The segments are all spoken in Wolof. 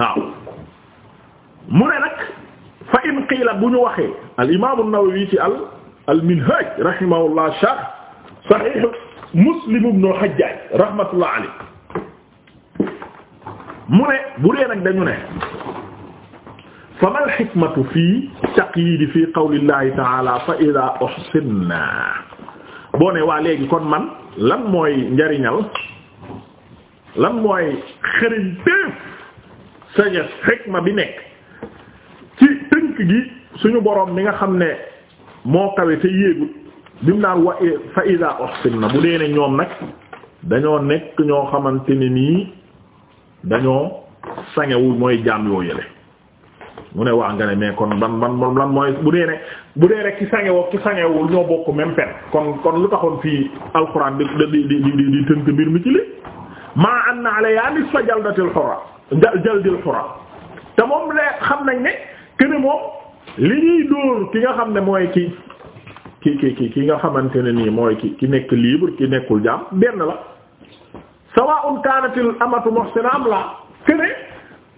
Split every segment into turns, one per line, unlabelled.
waaw mu ne nag fa in qiila bu ñu waxee al imaam an-Nawawi ci al al minhaj rahimahullah sharh sahih Muslim ibn al-Hajjaj rahmatullah alayhi mu ne bu dee nag dañu ne fa mal hikmatu fii taqyiidi fii qawlillahi ta'ala fa idaa uhsinna boo ne waa léegi kon man lan mooy njariñal lan mooy xëriñ téef sagesse xikma bi nekk ci tënk gi suñu boroom mi nga xam ne moo kawe te yéegul bi mu naan wa fa iza uhsinna bu dee ne ñoom nag dañoo nekk ñoo xamante ne nii dañoo sangewul mooy jaam yoo yële mu ne waa nga ne mais kon ban ban lan mooy bu dee ne bu dee rek ci sangewoo ci sangewul ñoo bokk même pen kon kon lu taxoon fii alxuraan di di di di tënk mbir mi ci li maa anna ala yaa nisfa jaldatil hurra jal jaldil xura te moom la xam nañ ne kene moom li ñuy dóor ki nga xam ne mooy ki ki ki ki nga xamante ne nii mooy ki ki nekk libre ki nekkul jaam benn la sawaa'un kaanatil amatu muhsina am la kene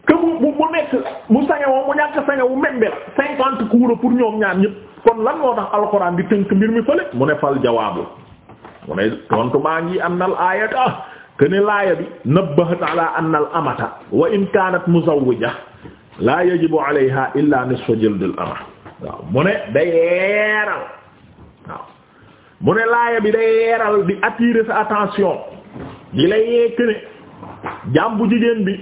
que mu mu mu nekk mu sañawoo mu ñàkk sañawu membe la cinquante kuura pour ñoom ñaar ñëpp kon lan moo tax alxuraan di tënk mbir mi fële mu ne fal jawaabu mu ne tontu maa ngi am nal aayata kene laaya bi nabbahat ala anna al amata wa in kanat muzawwija la yajibu alayha illa nisfu jild al ama waaw mu ne day yeeral waaw mu ne laaya bi day yeeral di attirer sa attention di lay yee kene jaam bu jigéen bi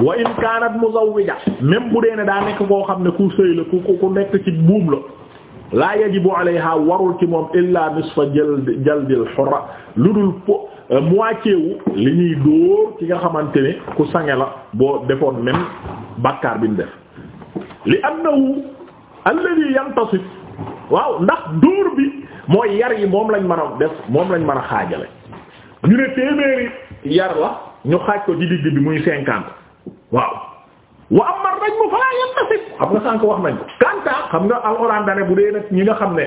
wa in kanat muzawwija même bu dee ne daa nekk koo xam ne ku sëy la ku ku nekk ci buum la la yajibu alayha warul ci moom illa nisfa jald jaldil hurra ludul po Euh, moitié wu li ñuy dóor ci nga xamante ne ku sange la boo defoon même bàkkaar bi mu def li annahu alladhi yantasif waaw ndax dóor bi mooy yar yi moom lañ mën a def moom lañ mën a xaajale ñu ne téeméeri yar la ñu xaaj ko di digg bi muy cinquante waaw wa amma rajmu fala yantasif xam nga sànk wax nañ ko kanta xam nga alxuraan dane bu dee nag ñi nga xam ne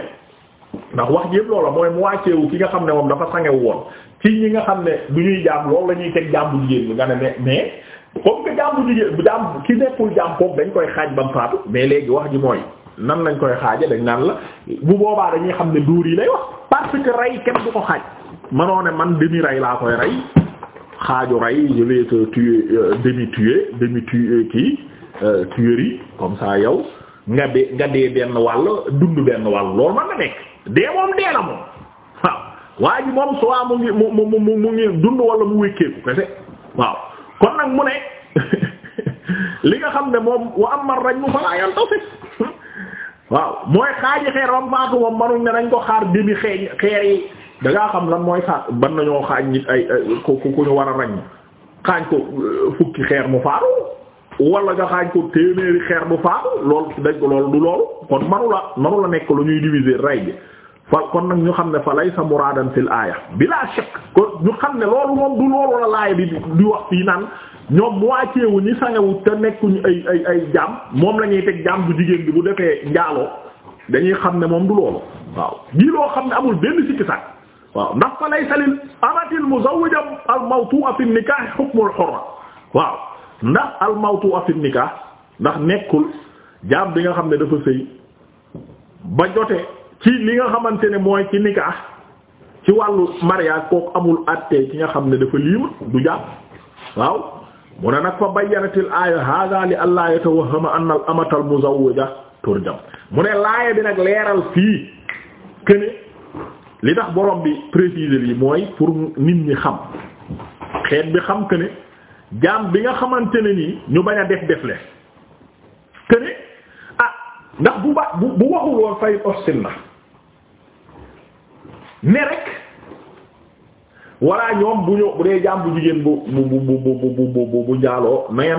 ndax wax ji yëpp loola mooy moitié wu ki nga xam ne moom dafa sangewu woon ci ñi nga xam ne du ñuy jaam loolu la ñuy teg jaam bu jigéen bi nga ne mais mais comme que jaam bu jigéen jaam ki nekkul jaam kooku dañ koy xaaj ba mu faatu mais léegi wax ji mooy nan lañ koy xaaje dañ naan la bu boobaa dañuy xam ne duur yi lay wax parce que rey kenn du ko xaaj manoo ne man demi rey laa koy rey xaaju rey je vais te tuer euh, demi tuer demi tuer euh, kii euh, tuerie comme ça yow nga dee nga dee benn wàll dund benn wàll loolu man na nekk dee moom dee waa ji moom soit mu ngi mu mu mu mu ngi dund wala mu wékkeeku kese waaw kon nag mu ne li nga xam ne moom wa am man rañ mu falaa yantasi waaw mooy xaaji xeer bam faatu moom manuñ ne dañ ko xaar demi xeeñ xeer lan mooy xaar ban nañoo xaañ nit ay ku ku ñu war a rañ xaañ ko euh, fukki xeer mu faatu wala nga xaañ ko téeméeri xeer mu faatu loolu dañ ko loolu du loolu kon manu la nekk lu ñuy diviser ray bi fa kon nag ñu xam ne fa laysa muraadan fil aaya bilaa shakk kon ñu xam ne loolu moom du loolu la laaya bi di wax fii naan ñoom moitié wu ñi sangewu te nekkuñu ay ay ay jaam moom lañuy teg jaam bu jigéen bi bu defee njaaloo dañuy xam ne moom du loolu waaw gii loo xam ne amul benn sikki sàkk waaw ndax fa laysa lil amatil muzawwija al mawtu'a fi nikah hukmul hurra waaw ndax al mawtu'a fi nikah ndax nekkul jaam bi nga xam ne dafa sëy ba jotee ci li nga xamante ne mooy ci nikah ci wàllu mariage kooku amul àttee ci nga xam ne dafa libre du jàpp waaw mu ne nag fa bayyanatil aaya hada li an laa yatawahama anna al amata al muzawwija mu ne laaya bi nag leeral fii këne li tax borom bi préciser yi mooy pour nit ñi xam xeet bi xam këne jaam bi nga xamante ne nii ñu bañ a def defle këne ah ndax bu ba bu waxul woon fay osin na ne rek walla ñoom bu ñu bu dee jaam bu jigéen bu bu bu bu bu bu bu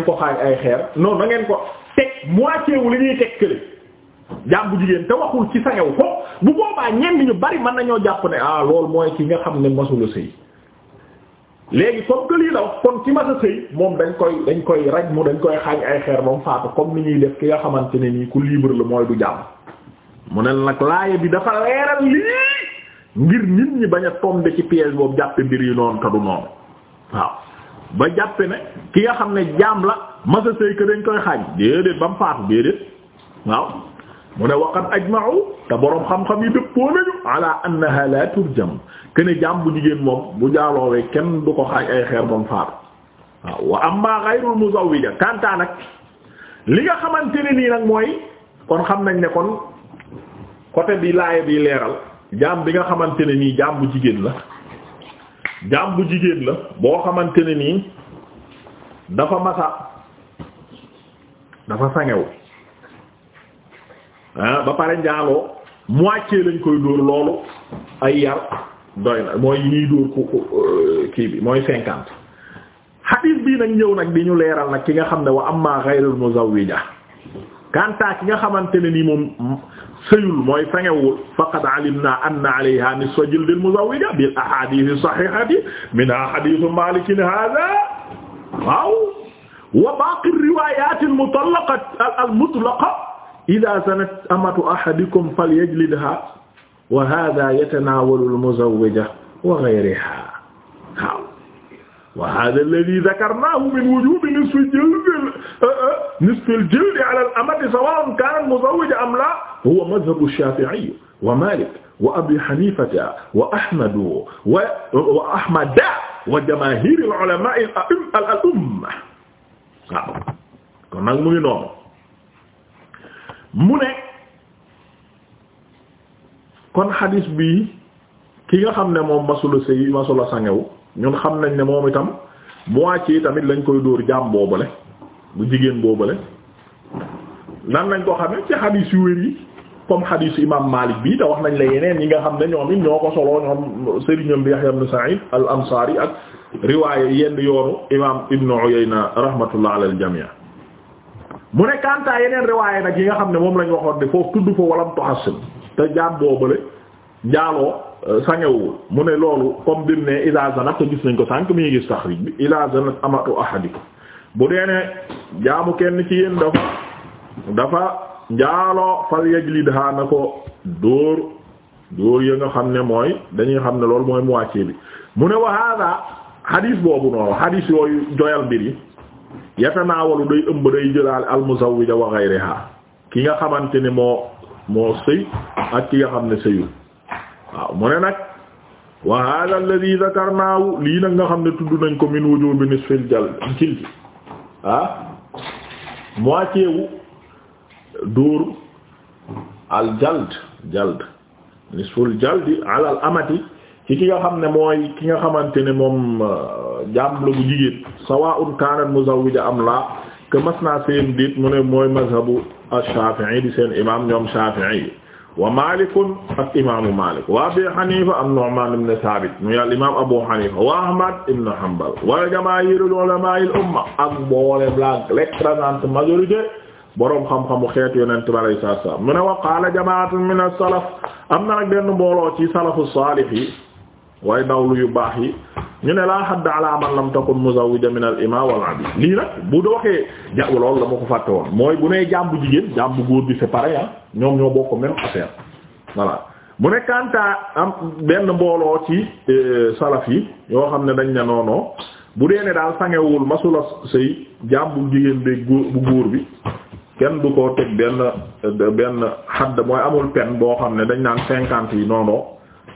ko xaaj ay xeer non na ngeen ko teg moitié wu li ñuy teg kële jaam bu jigéen te waxul ci sangew ko bu boobaa ñenn ñu bari mën nañoo jàpp ne ah loolu mooy ki nga xam ne masula sëy léegi comme que lii la kon ci mas a sëy moom dañ koy dañ koy raj mu dañ koy xaaj ay xeer moom faatu comme ni ñuy def ki nga xamante ne nii ku libre la mooy du jàmm mu ne nag laaya bi dafa leeral ngir nit ñi bañ a tomber ci piège boobu jàppe mbir yi noonu te noonu waaw ba jàppe ne ki nga xam ne jaam la masa sëy que dañ koy xaaj déedéet ba mu faatu déedéet waaw mu ne waqat ajma'u te boroom xam-xam yi dëppoo nañu ala annaha la turjam kene jaam bu jigéen moom bu jaaloowee kenn du ko xaaj ay xeer ba mu faatu waaw wa amma ghayrul muzawwija kanta nag li nga xamante ne nii nag mooy kon xam nañ ne kon côté bi laaya bi leeral jaam bi nga xamante ne nii jaam bu jigéen la jaam bu jigéen la boo xamante ne nii dafa masa dafa sangewu ah ba pare njaaloo moitié lañ koy dóor loolu ay yar doy na mooy ñuy dóor ku euh, kii bi mooy cinquante xadiis bii nag ñëw nag di ñu leeral nag ki nga xam ne wa amma ghayrul muzawwija kanta ki nga xamante ne moom sëyul mooy fengewul faqad alimna anna alayha nisfa jildil muzawwija bil ahadith sahihati minha hadith malik hadha waaw wa baqi riwayat al mutallaqa al mutlaqa idha zanat amatu ahadikum falyajlidha wa hadha yatanawalu al muzawwija wa ghayriha wa hadha alladhi dhakarnahu min wujubi nisfil jildi uh, uh, nisfil jildi ala al-amati sawa'un kanat muzawwija am la huwa madhhabu ash-shafi'i wa malik wa abi hanifata wa ahmad wa ahmada wa jamaahir al-ulama al-umma waaw kon nag mu ngi noonu mu ne kon hadis bi ki nga xam ne moom masula sëy masula sangewu ñun xam nañ ne moom itam moitié tamit lañ koy dóor jaam boobale bu jigéen boobale nan lañ ko xamee ci xadiis yu wér yi comme xadiis imam Malik bi te wax nañ la yeneen yi nga xam ne ñoom it ñoo ko soloo ñoom sëriñam bi Yahya ibn Sa'id al Ansari ak riwaaye yenn yoonu imam Ibn Uyayna rahmatullah ala al jami' mu ne Kantaa yeneen riwaaye nag yi nga xam ne moom lañ waxoon de foofu tudd fa walam toxasin te jaam boobale njaaloo sañawul mu ne loolu comme bi mu ne ila zanat te gis nañ ko sànq mi ngi gis taxrij bi ila zanat amatu ahadikum bu dee ne jaamu kenn ci yéen dafa dafa njaaloo fal yajlidha na ko dóor dóor ya nga xam ne mooy dañuy xam ne loolu mooy mu wàccee bi mu ne wa hada hadis boobu noonu hadis yooyu joyal mbir yi yatanaawalu day ëmb day jëlaal almuzawwija wa ki nga xamante ne moo moo sëy ak ki nga xam ne sëyul waaw mu ne nag wa hadha alladhi dhakarnaahu lii nag nga xam ne tudd nañ ko min wujubi nisfil jal cil ji ah moitié wu dóor al jald jald nisful jaldi alal amati ci ki nga xam ne mooy ki nga xamante ne moom euh, jaam la bu jigéen sawa'un kanat muzawwija am la ke mas naa seen déet mu ne mooy mazhabu ash-shafi'i di seen imam ñoom yi wa malikun ak imamu malik wa abi hanifa an nu'man ibn thabit mu yàll imam abu hanifa wa ahmad ibn hanbal wa jamaahirul ulama al umma ak boole blanc l'écrasante majorité boroom xam-xamu xeetu yonent bi alayhi salaatu wa salaam mu ne wa qaala jamaatun min as-salaf am na nag benn mbooloo ci salafu saalih yi waaye dawlu yu baax yi ñu ne laa xadd ala man lam takun muzawwija min al ima wal abi lii nag bu doxee ja loolu la ma ko fàtte woon mooy bu nee jaam bu jigéen jaam bu góor bi c'est pareil ah ñoo bokk même affaire voilà mu ne Kantaa am benn mbooloo ci euh, salaf yi yoo xam ne dañ ne noonoo bu dee ne daal sangewul masula sëy jaam bu jigéen bi bu góor bi kenn du ko teg benn benn xadd mooy amul pen boo xam ne dañ naan cinquante yi noonoo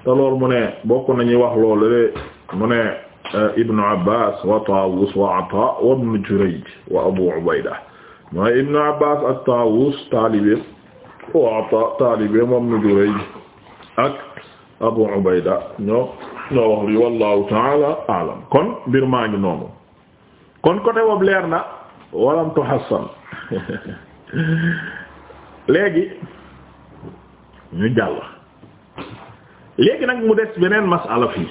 te mu ne bokk nañuy wax loolu le mu ne euh, ibnu abbas wa tawus wa ata wa ibnu jurayj wa abu ubayda mooy ibnu abbas ak tawus taalibe wa ata taalibe wa ibnu jurayj ak abu ubayda ñoo ñoo wax li wallahu taala alam kon mbir maa noonu kon côté boobu leer na walam tuhassan léegi ñu jàll léegi nag mu des beneen masala fii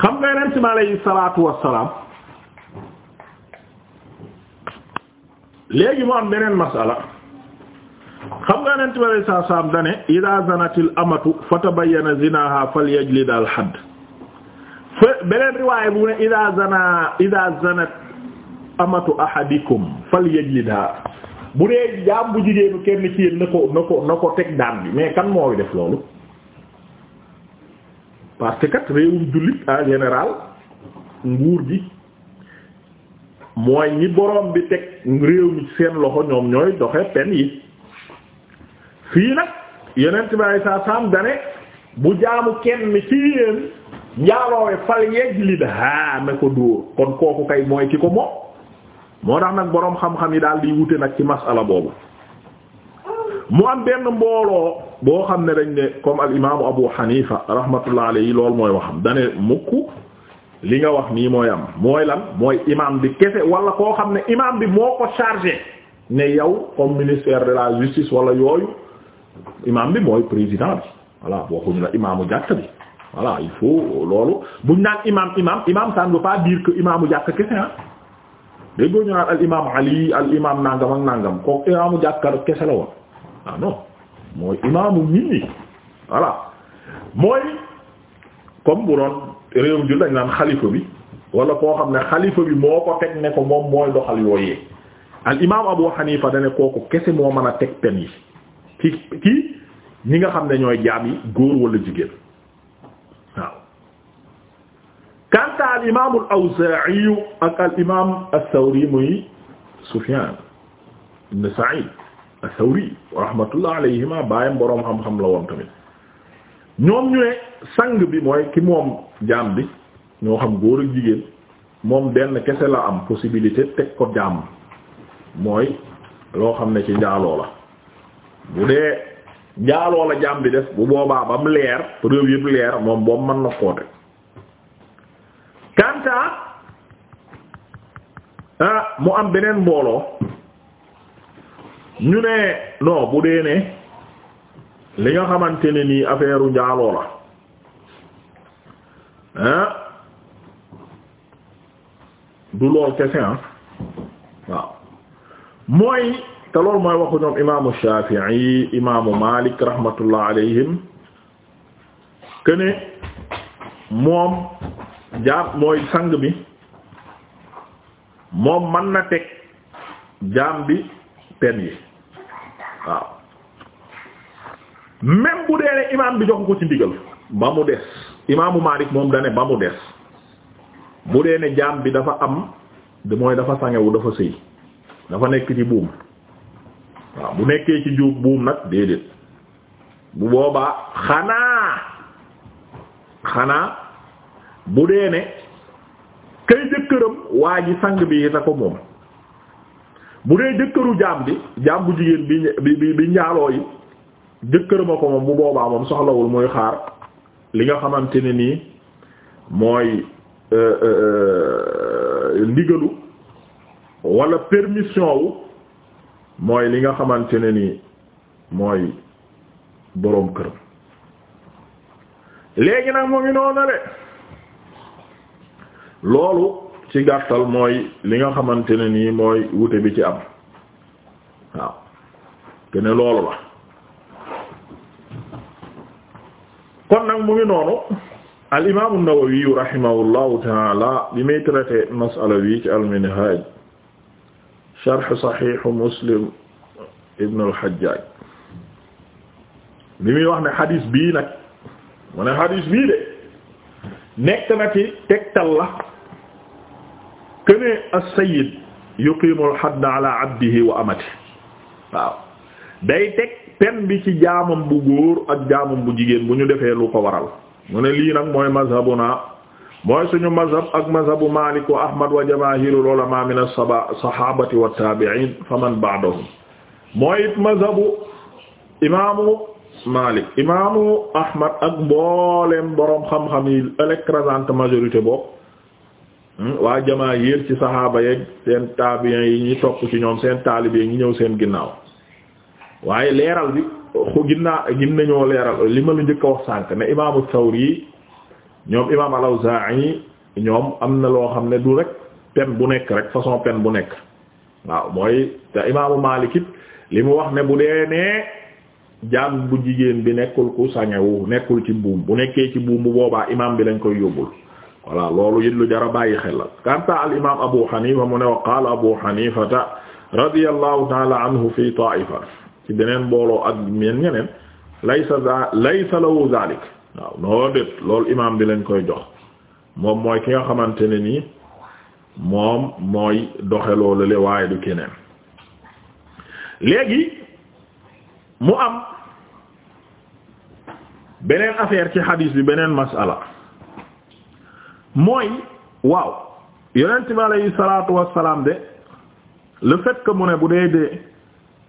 xam nga yeneen ci ma salaatu wassalaam léegi mu am beneen masala xam nga yeneen ci ma dane idaa zanatil amatu fatabayyana zinaaha falyajlid al hadd fa beneen riwaaya bu ne idaa zana idaa zanat amatu ahadikum falyajlidha bu dee jaam bu jigéenu kenn ci na ko na ko na ko teg daan bi mais kan mooy def loolu parce que kat réewum jullit en général nguur gi mooy ñi boroom bi teg réew mi seen loxo ñoom ñooy doxe pen yi fii nag yonent bi ay saa saam dane bu jaamu kenn ci yéen njaaloowe fal yajlid haa na ko dóor kon kooku kay mooy ki ko moom moo tax nag boroom xam-xam yi daal di wute nag ci masala boobu mu am benn mbooloo boo xam ne dañ ne comme al imaamu Abu Hanifa rahmatullah alayhi loolu mooy waxam dane mukk li nga wax nii mooy am mooy lan mooy imaam bi kese wala koo xam ne imaam bi moo ko chargé ne yow comme ministère de la justice wala yooyu imaam bi mooy président bi voilà waxuñu la imaamu jàkk bi voilà il faut loolu buñ naan imaam imaam imaam ça ne veut pas dire que imaamu jàkk kese ah dégg naan al imaam Ali al imaam nangam ak nangam kooku imaamu jàkkar kese la woon ah non. mooy imaamu nit ñi voilà mooy comme bu doon réewum jul dañ naan xalifa bi wala koo xam ne xalifa bi moo ko teg ne ko moom mooy doxal yooyee al imaam Abu Hanifa dane kooku kese moo mën a teg pen yi ci ci ñi nga xam ne ñooy jaam yi góor wala jigéen waaw kanta al imaam al Awzaa'i ak al sawri muy Sufyaan ibn Sa'iid as-Sawri rahmatullah alayhima baayam boroom xam-xam la woon tamit ñoom ñu sang bi mooy ki moom jaam bi ñoo xam góor ak jigéen moom benn kese la am possibilité teg ko jaam mooy loo xam ne ci njaaloo la bu dee njaaloo la jaam bi def bu boobaa ba leer preuve yëpp leer moom boobu mën na koo teg ah, mu am beneen mbooloo ñu ne non bu dee ne li nga xamante ne nii affaire u njaaloo la ah du lool kese ah waaw mooy te loolu mooy waxu ñoom imaamu Shafi'i imaamu Malik rahmatullah alayhim que moom jaam mooy sang bi moom mën na teg jaam bi pen yi waaw même bu dee ne imaam bi joxu ko ci ndigal ba mu des imaamu Maalik moom dane ba mu des bu dee ne jaam bi dafa am mooy dafa sangewu dafa sëy dafa nekk ci buum waaw bu nekkee ci juub buum nag déedéet bu boobaa xanaa xanaa bu dee ne kay jëkkëram waa ji sang bi yi ta ko moom mu dee jëkkëru jaam bi jaam bu jigéen bi bi bi njaaloo yi jëkkër ma ko moom bu boobaa moom soxlawul muy xaar li nga xamante ne nii mooy euh, euh, ndigalu wala permission wu mooy li nga xamante ne nii mooy boroom këram léegi nag mu ngi noonu le loolu ci gàttal mooy li nga xamante ne nii mooy wute bi ci am waaw kene loolu la kon nag mu ngi noonu al imaamu Nawawi rahimahullahu taala bi may traité masala wi ci al minhaj sharh sahih Muslim ibn al Hajjaj bi muy wax ne xadis bii nag mu ne xadis bii de nekk na ci tegtal la kënee as-sayyid yuqiimul hadda ala abdihi wa amati day teg pen bi ci jaamam bu góor ak jaamam bu jigéen bu ñu defee lu ko waral mu ne lii nag mooy mazhabuna mooy suñu mazhab ak mazhabu Maalik wa Ahmad wa jamaahirul ulamaa min as-sahaabati wa taabi'iin faman ba'dahum Ahmad ak mboolem boroom xam-xam yi l'écrasante majorité boobu. Hmm? waa jamaa yéer ci saxaaba yeeg seen tabiyen yi ñi topp ci ñoom seen taalibee ñi ñëw seen ginnaaw waaye leeral bi xu ginnaa gin nañoo leeral li ma la njëkk a wax sànk ne imaamu Sawri yi ñoom imaam al-Awzaa'i ñoom am na loo xam ne du rek pen bu nekk rek façon pen bu nekk waaw mooy te imaamu Maalik li mu wax ne bu dee nee jaam bu jigéen bi nekkul ku sañewu nekkul ci buum bu nekkee ci buum bu boobaa imaam bi lañ koy yóbbul voilà loolu it lu jar bàyyi xel la kanta al imam abu hanifa mu ne wa qaala abu hanifata radiyallahu taala anhu fi taifa ci beneen mbooloo ak meen ñeneen laysa za laysa lahu zalik waaw noo dét loolu imam bi lañ koy jox moom mooy ki nga xamante ne nii moom mooy doxe loolu le waaye du keneen léegi mu am beneen affaire ci hadis bi beneen masala mooy waaw yonent bi alayhi salaatu wassalaam de le fait que mu ne bu dee dee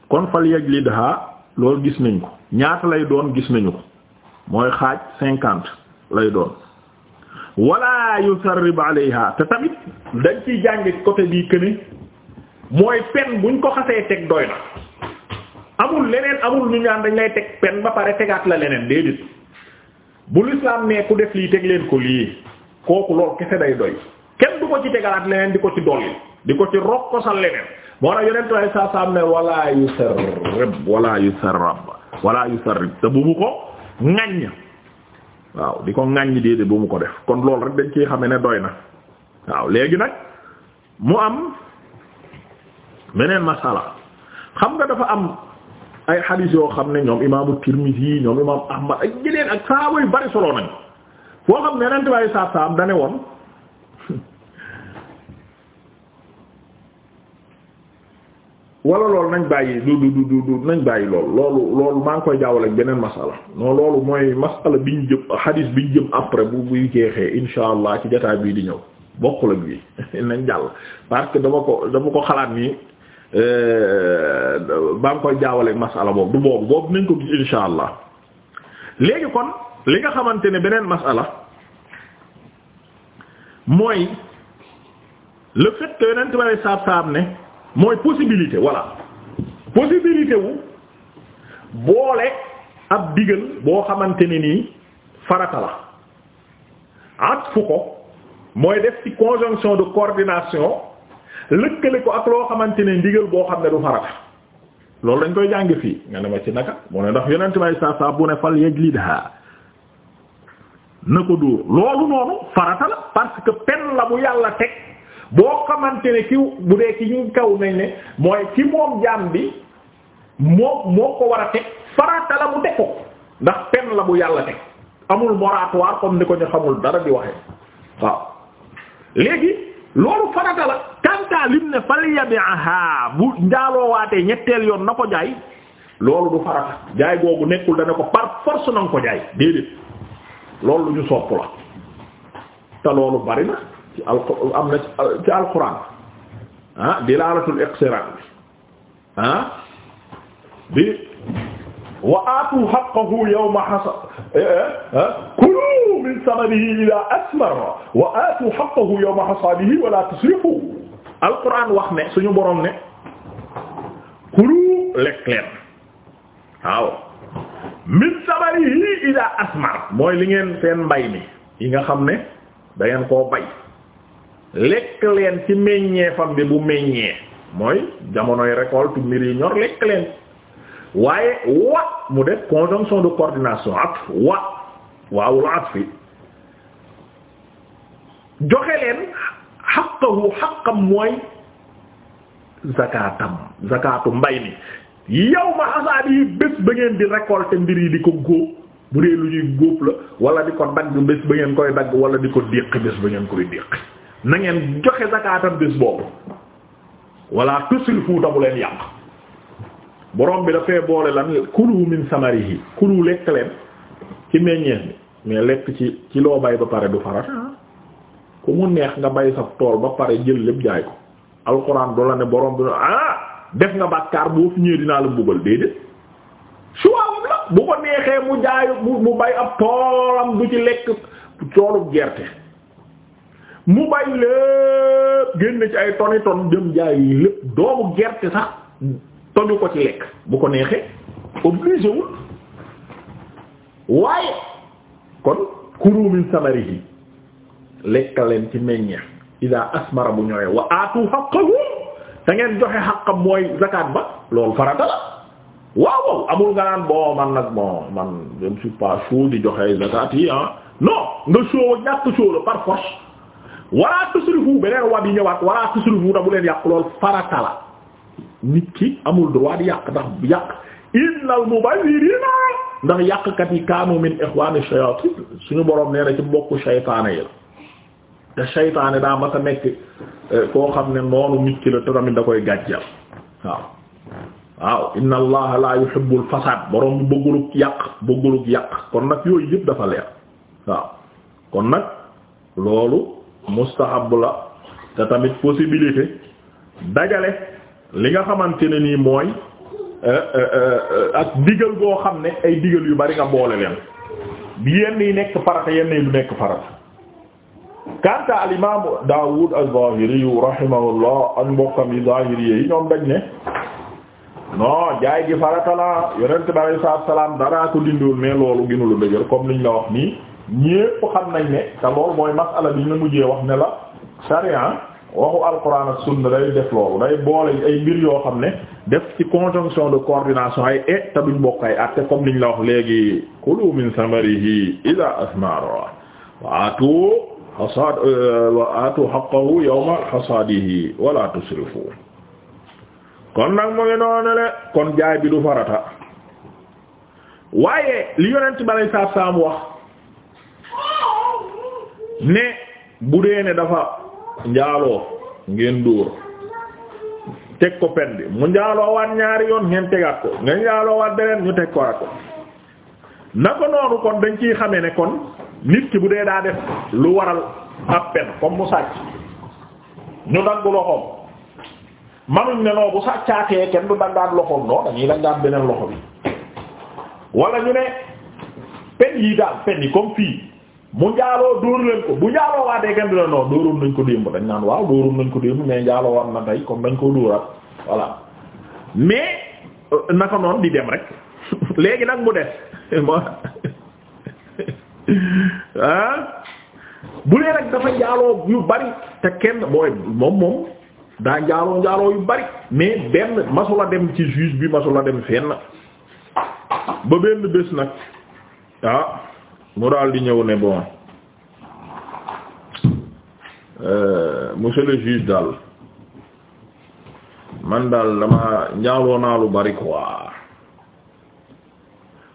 kon fal yajlidha loolu gis nañ ko ñaata lay doon gis nañu ko mooy xaaj cinquante lay doon wala yusarrib alayha te tamit dañ ciy jànge côté bii këne mooy pen buñ ko xasee teg doy na amul leneen amul ñu ñaan dañ lay teg pen ba pare tegaat la leneen déedéet bu lislaam ne ku def lii teg leen ko lii kooku loolu kese day doy kenn du ko ci tegalaat leneen di ko ci dolli di ko ci rokkosal leneen moo tax yonent way saa saam ne wala yusarrib wala yusarrab wala yusarrib te bu mu ko ŋaññ waaw di ko ŋaññ déedéet bu mu ko def kon lool rek dañ ciy xame ne doy na waaw léegi nag mu am meneen masala xam nga dafa am ay xadiis yoo xam ne ñoom imaamu Tirmidhi ñoom imaamu Ahmad ak yeneen ak saaba bari solo nañ boo xam ne yonent bi alayhi salaatu dane woon wala loolu nañ bàyyi du du du du nañ bàyyi lool loolu loolu maa ngi koy jaawale ak beneen masala non loolu mooy masala bi ñu jëm xadiis bi ñu jëm après bu buy jeexee insha allah ci jotaay bii di ñëw bokkul ak bii nañ jàll parce que dama ko dama ko xalaat nii euh, maa ngi koy jaawale ak masala boobu du boobu boobu nañ ko gis insha allah léegi kon li nga xamante ne beneen masala mooy le fait que yonent ba saab saab ne mooy possibilité voilà possibilité wu boole ab digal boo xamante ne nii farata la at fu ko mooy def ci conjonction de coordination lëkkale ko ak loo xamante ne ndigal boo xam ne du farata loolu dañ koy jàng fii nga ne ma ci naka mu ne ndax yonent ba ne saab saab bu ne fal yajlidha na ko dóor loolu noonu farata la parce que pen la bu yàlla teg boo xamante ne kiw bu dee ki ñu kaw nañ ne mooy ci moom jaam bi moom moo ko war a teg farata la bu teg ko ndax pen la bu yàlla teg amul moratoire comme ni ko ñu xamul dara di waxee waaw léegi loolu farata la kantaa lim ne fal yabi'aha bu njaaloowaatee ñetteel yoon na ko jaay loolu du farata jaay googu nekkul dana ko par force na nga ko jaay déedéet loolu lu ñu sopp la te loolu bari na ci al am na ci alquran ah dilaalatul iqtiran bi ah bi wa aatu haqqahu yawma hasad eh, eh, eh, kulu min samanihi ila asmara wa aatu haqqahu yawma hasadihi wala tusrifu alquran wax ne suñu borom ne kulu lekk leen waaw min samarihi ila asmar mooy li ngeen seen mbay mi yi nga xam ne da ngeen koo bay lekk leen ci meññee fam bi bu meññee mooy jamonoy récolte mbir yi ñor lekk leen waaye wa mu def conjonction de coordination at wa waawul at fi joxe leen xaqahu xaqam mooy zakatam zakatu mbay mi yawma hasaadihi bés ba ngeen di récolter mbir yi di ko góob bu dee lu ñuy góob la wala di ko dagg bés ba ngeen koy dagg wala di ko déq bés ba ngeen koy déq na ngeen joxe zakaatam bés boobu wala tusrifu bu leen yàq borom bi dafay boole lan kulu min samarihi kulu lekk leen ci meññeef bi mais lekk ci ci loo bay ba pare du farat ku mu neex nga bay sa tool ba pare jël lépp jaay ko alxuraan du la ne borom bi ah. def nga bàkkaar boo fi ñëwee dinaa la mbugal déedéet suwaawam la bu ko neexee mu jaayu mu bay ab toolam du ci lekk toolub gerte mu bay lépp génn ci ay toni ton jëm jaayu lépp doomu gerte sax tonu ko ci lekk bu ko neexee obligé waaye kon kulu min samarihi lekka leen ci meññeef ida asmara bu ñoree wa aatu haqqahu te ngeen joxe xaqam mooy zakat ba loolu farata la waaw waaw amul nga naan bon man nag moo man je ne suis di joxe ay zakat yi ah non nga chaud ñàkk chaud la par force wala beneen waa bi ñëwaat wala tusrifu da bu leen yàq loolu farata la nit ki amul droit di yàq ndax yàq innal mubazirina ndax yàqkat yi kaanu min ikhwani shayatin suñu borom nee na ci mbokku shaytaana yi la te seytaane daa mas a nekk eh, koo xam ne noonu nit ki la te tamit da koy gàjjal waaw waaw inna allaha la yuhibbul fasaad borom bi bëgguluk yàq bëgguluk yàq kon nag yooyu yëpp dafa leer waaw kon nag loolu mustahab la te tamit possibilité dajale li nga xamante ne nii mooy eh, eh, ak digal goo xam ne ay digal yu bari nga boole leen bi yenn yi nekk farata yenn yi du nekk farata kanta al imam Daawud az-Zahiri rahimahullah ak mbokkam yi Zahiri yi ñoom dañ ne non jaay gi farata la yonent bi alayhi salaam daraa ko dindiwoon mais loolu gënu la dëgër comme liñ la wax nii ñépp xam nañ ne te loolu mooy masala bi la mujjee wax ne la sharia waxu alquran ak sunna day def loolu day boole ay mbir yoo xam ne def ci conjonction de coordination ay et te duñ bokk ay atte comme liñ la wax léegi kulu min samarihi ila asmara waatu xasaad euh, wa aatu haqqahu yawma hasaadihi wala tusrifu kon nag mu ngi noonu le kon jaay bi du farata waaye li yonent balay saat saam wax ne bu dee ne dafa njaaloo ngeen dóor teg ko pen mu njaaloo waat ñaari yoon ngeen tegaat ko ngeen njaaloo waat beneen ñu teg ko waat ko na ko noonu kon dañ ciy xame ne kon nit ki bu dee daa def lu waral ab pen comme mu sàcc ñu dagg loxoom manuñ ne noo bu sàccaatee kenn du daggaat loxoom non dañuy daggaat beneen loxo bi wala ñu ne pen yi daal pen yi comme fii mu njaaloo dóor leen ko bu njaaloo waatee kenn du ne non dóoroon ko démb dañ naan waaw dóoroon nañ ko démb mais njaaloo war na tey comme dañ ko dóoraat voilà mais euh, naka noonu di dem rek léegi nag mu des ah bu nee nag dafa njaaloo yu bari te kenn mooy moom moom daa njaaloo njaaloo yu bari mais benn masula dem ci juge bi masula dem fenn ba benn bés nag ah mu daal di ñëw ne bon euh, monsieur le juge daal man daal dama njaaloo lu bari quoi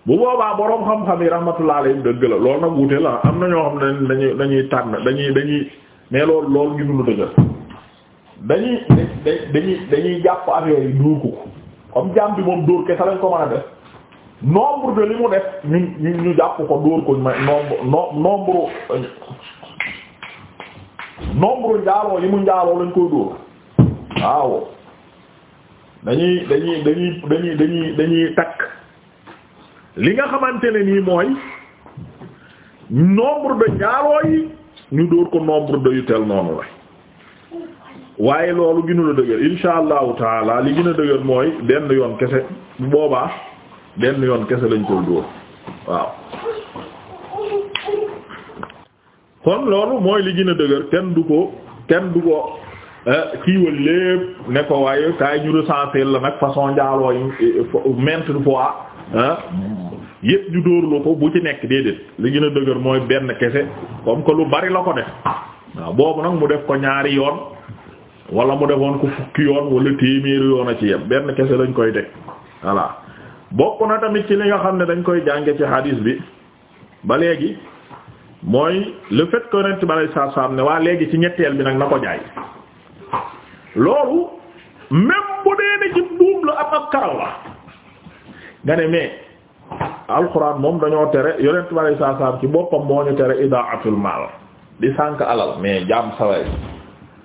bu boobaa boroom xam-xam yi rahmatullah alayhim dëgg la loolu nag wuute la am na ñoo xam dañuy dañuy tànn dañuy dañuy mais loolu loolu ngi dulu dëgër dañuy dañuy jàpp affaire yi dóor ko comme jàmm moom dóor kese lañ ko mën a def nombre de li mu def ñu ñu ñu jàpp ko dóor ko ma nombre njaaloo yi mu njaaloo lañ koy dóor waaw dañuy dañuy dañuy dañuy takk li nga xamante ne nii mooy nombre de njaaloo yi ñu dóor ko nombre de yu tel noonu la waaye loolu gënu la dëgër insha allahu taala li gën a dëgër mooy denn yoon kese bu boobaa benn yoon kese lañ koy dóor waaw kon loolu mooy li gën a dëgër kenn du ko kenn du ko eh, kiiwal lépp nekko ko waaye kaay ñu recensé la nag façon njaaloo yi eh, maintes eh. yëpp yu dóorloo ko bu ci nekk déedéet li gën a dëgër mooy benn kese comme ko lu bari la ko def waaw boobu nag mu def ko ñaari yoon wala mu defoon ko fukki yoon wala téeméeri yoon a ci yem benn kese lañ koy teg voilà bokk na tamit ci li nga xam ne dañ koy jànge ci hadis bi ba léegi mooy le ko que yonent balay saa saam ne waa léegi ci ñetteel bi nag na ko jaay loolu même bu dee ne ci buum la ab ab karaw la nga ne mais alxuraan moom dañoo tere yonent bi alay saa saam ci boppam moo ñu tere idaatul maal di sànk alal mais jaam saway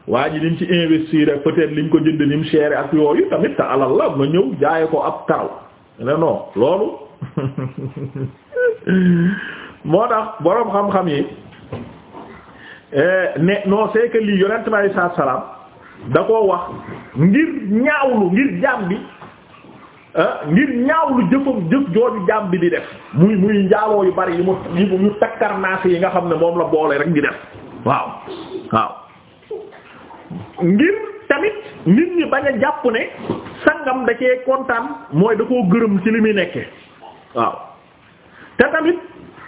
waa ji lim ci investir rek peut-être liñ ko jënd nim seere ak yooyu tamit te alal la ma ñëw jaaye ko ab karaw ne non loolu moo tax boroom xam-xam yi eh, ne noo c'est que lii yonent bi salaam da koo wax ngir ñaawlu ngir jaam bi Ah, ngir ñaawlu jëfam jëf jooju jaam bi di def muy muy njaaloo yu bari yi mu yu mu takkar naas yi nga xam ne moom la boole rek di def waaw waaw ngir tamit nit ñi bañ a jàpp ne sangam da kontaan mooy da koo gërëm ci li muy nekke waaw te tamit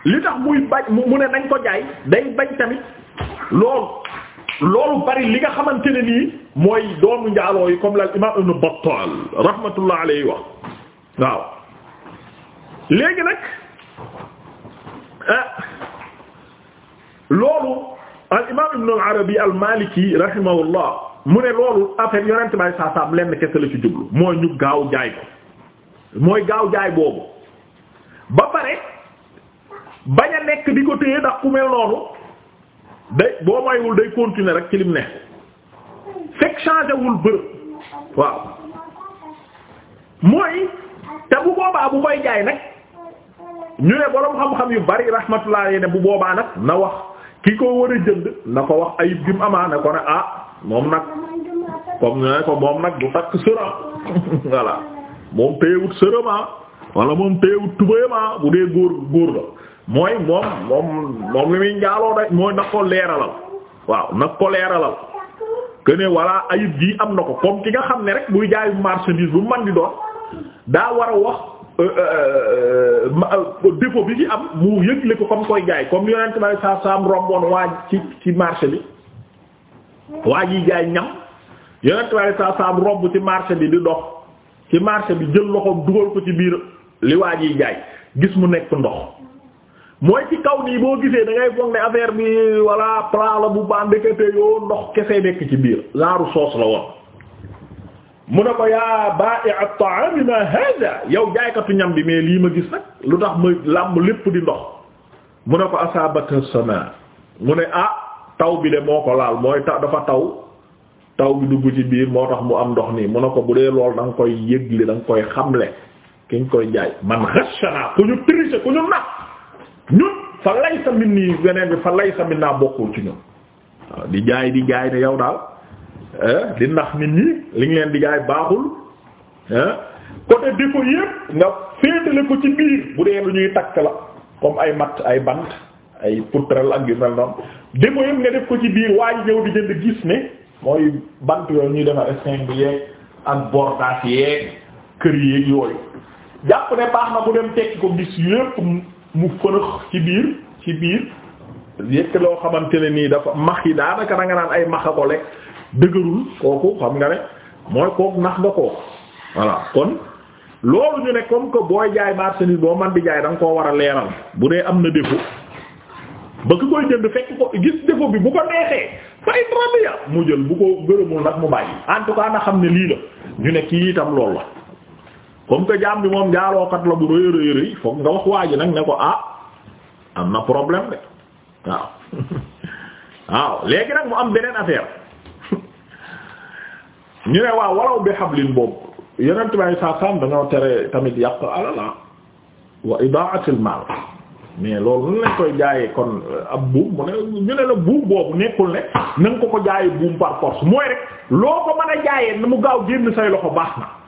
li tax muy bañ mu ne nañ ko jaay day bañ tamit loolu loolu bari li nga xamante ne nii mooy doomu njaaloo yi comme la al imam ibn Battal rahmatullah waaw léegi nag ah, loolu al imaam ibn al arabi al maliki rahimahullah mu ne loolu affaire yonent bay saa saam lenn kese la ci jublu mooy ñu gaaw jaay ko mooy gaaw jaay boobu ba pare bañ a nekk di ko téye ndax ku mel noonu day boo maywul day continuer rek ci lim ne fekk changé wul bërëb waaw mooy te bu boobaa bu koy jaay nag ñu ne boroom xam-xam yu bari rahmatullah ne bu boobaa nag na wax ki ko war a jënd na ko wax ayib gi mu amaa ne ko ne ah moom nag comme ñu ne ko moom nag du takk sëram voilà moom téyewut sërama ah, moom téyewut tubayama ah, bu dee góor góor la mooy moom moom li muy njaaloo da mooy nag ko leeralal waaw nag ko leeralal que ne voilà ayib gi am na ko comme ki nga xam ne rek buy jaay marchandise bu man di doon daa war a wax euh, euh, euh, dépo bi ci am mu yëgle ko comme koy jaay comme yonent ma saa saam romboon waa ci ci marché bi waa ji jaay ñam yonent ma saa saam romb ci marché bi di dox ci marché bi jël loxoom dugal ko ci biir li waa jaay gis mu nekk ndox mooy ci kaw nii boo gisee da ngay foog affaire bi walla plat la bu baax ndekete yoo ndox kese nekk ci biir laaru soos la woon. mu ne ko yaa baa'i'a at-ta'aam ma haaza yow jaaykatu ñam bi mais lii ma gis nag lu tax ma làmb lépp di ndox mu ne ko asaabata samaa mu ne ah taw bi de moo ko laal mooy taw dafa taw taw bi dugg ci biir moo tax mu am ndox nii mu ne ko bu dee lool da nga koy yëgle da koy xamle ki nga koy jaay man ghashana ku ñu tricher ku ñu nax ñun fa laysa minnii beneen bi fa laysa minnaa bokkul ci ñun waaw di jaay di jaay ne yow daal. Eh? di nax nit ñi li ñu leen di baaxul eh? côté défaut yépp nga féetale ko ci biir bu dee lu ñuy takk la comme ay matt ay bant ay poutrelle ak yu mel noonu défaut yépp nga def ko ci biir waaye ñëw di jënd gis ne yooyu ñuy defar estingue yeeg ak bordage yeeg kër yeeg yooyu jàpp ne baax na bu dem tekki ko gis yépp mu fënëx ci biir ci biir yëkk loo xamante ne nii dafa max yi daanaka da nga naan ay max a dëgërul kooku xam nga ne mooy kooku nax nga kooku voilà kon loolu ñu ne comme que booy jaay marchandise boo man di jaay danga koo war a leeral bu dee am na défaut ba ki koy jënd fekk ko gis défaut bi bu ko neexee fay trabi ya mu jël bu ko gërëmul nag mu bàyyi en xam ne lii la ñu ne kii itam loolu la comme que jaam bi moom jaalookat la bu rëy foog nga wax waa ji nag ne ko ah am na problème de waaw waaw léegi nag mu am beneen affaire ñu ne waaw walaw bi xablin boobu yenent may saasan dañoo tere tamit yàq alala ah wa idaatil mal mais loolu nu lañ koy jaayee kon euh, ab buum mu ne ñu ne la buum boobu nekkul ne na ko ko jaayee buum par force mooy rek loo ko mën a jaayee na mu gaaw génn say loxo baax na